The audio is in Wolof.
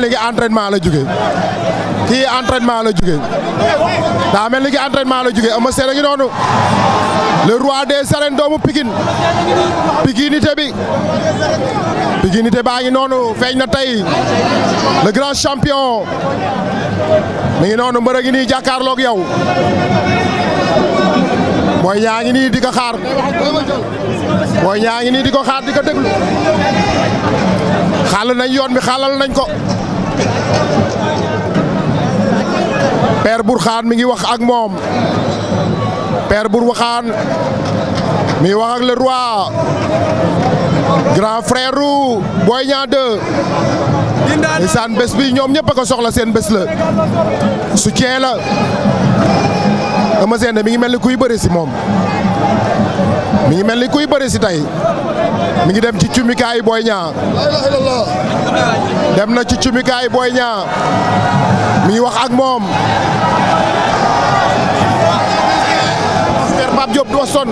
mel ni la jóge kii entraînement la jóge daa mel ni ki entraînement la jóge Eumeu Sène a ngi noonu le roi des arènes bi pikinité baa ngi noonu feeñ na tey le grand champion mi ngi noonu mbër a ngi nii jàkkaarloog yow mooy ñaa ngi nii di ko xaar mooy ñaa ngi nii di ko xaar di ko déglu xàll nañ yoon bi xàllal nañ ko Père Bourkhane mi ngi wax ak moom Père Bourkhane mi wax ak le roi grand frère Boy Niang 2 isaan bés bi ñoom ñëpp a ko soxla seen bés la su cee la Eumeu Sène mi ngi mel ni kuy bari si moom mi ngi mel ni kuy bari si tey mi ngi dem ci cumikaay Boy Niang dem na ci cumikaay Boy Niang mi ngi wax ak moom Père Pape Diop du wax sonn